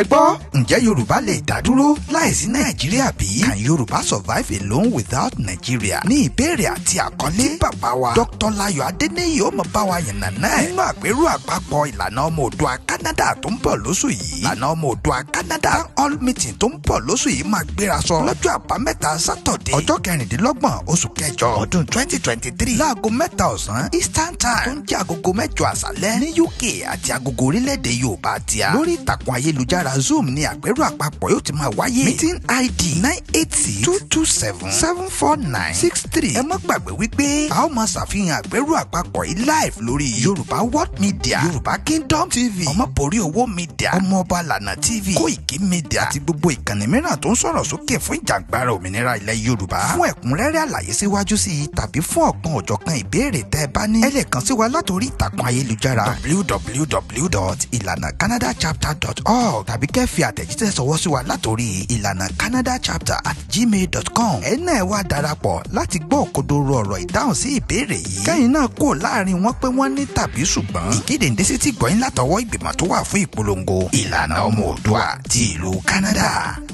ẹ gbọ́ ǹjẹ́ yorùbá lè dá dúró láìsí nàìjíríà bí? can yorùbá survive alone without nigeria? ní ìbéèrè àti àkọlé tí bàbá wa dr layo adeniyi ó mọ bá wa yànnà náà nínú àpérò àpapọ̀ ìlànà ọmọ òdua canada tó ń bọ̀ lóṣù yìí ìlànà ọmọ òdua canada all meeting tó ń bọ̀ lóṣù yìí máa gbéra sọ lọ́jọ́ àbámẹ́ta sátọ̀dé ọjọ́ kẹrìndínlọ́gbọ̀n oṣù kẹjọ ọdún twenty twenty three láago mẹ́ta ọ̀sán time tó ń jẹ́ agogo mẹ́jọ àṣálẹ́ ní uk àti agogo orílẹ̀-èdè yorùbá tíya lórí ìtàkùn ayélujára látara zoom ni àpérò àpapọ̀ yóò ti máa wáyé meeting id nine eight six two two seven seven four nine six three ẹ má gbàgbé wípé a ó máa ṣàfihàn àpérò àpapọ̀ yìí live lórí yorùbá world media yorùbá kingdom tv ọmọbòrí owó media ọmọọba lànà tv kóìkì media àti gbogbo ìkànnì mìíràn tó ń sọ̀rọ̀ sókè fún ìjàǹgbara òmìnira ilẹ̀ yorùbá fún ẹ̀kúnrẹ́rẹ́ àlàyé síwájú sí i tàbí fún ọ̀kan òjọ̀kan ìbéèrè tẹ́ ẹ bá ní ẹ lè kàn sí wa látòrí ìtàkùn ayélujára www.ilanacanadachapter.org tàbí kẹ́ fi àtẹ̀jíṣẹ́ sọwọ́ sí wa látòrí ìlànà canada chapter at gmail.com. dot com ẹ náà wá darapọ̀ láti gbọ́ òkodoro ọ̀rọ̀ ìdáhùn sí ìbéèrè yìí kẹ́yìn náà kò láàrin wọn pé wọ́n ní tàbí ṣùgbọ́n ìkéde ǹdẹ́sí ti gbọ́yìn látọwọ́ ìgbìmọ̀ tó wà fún ìpolongo ìlànà ọmọ òdua ti ìlú canada.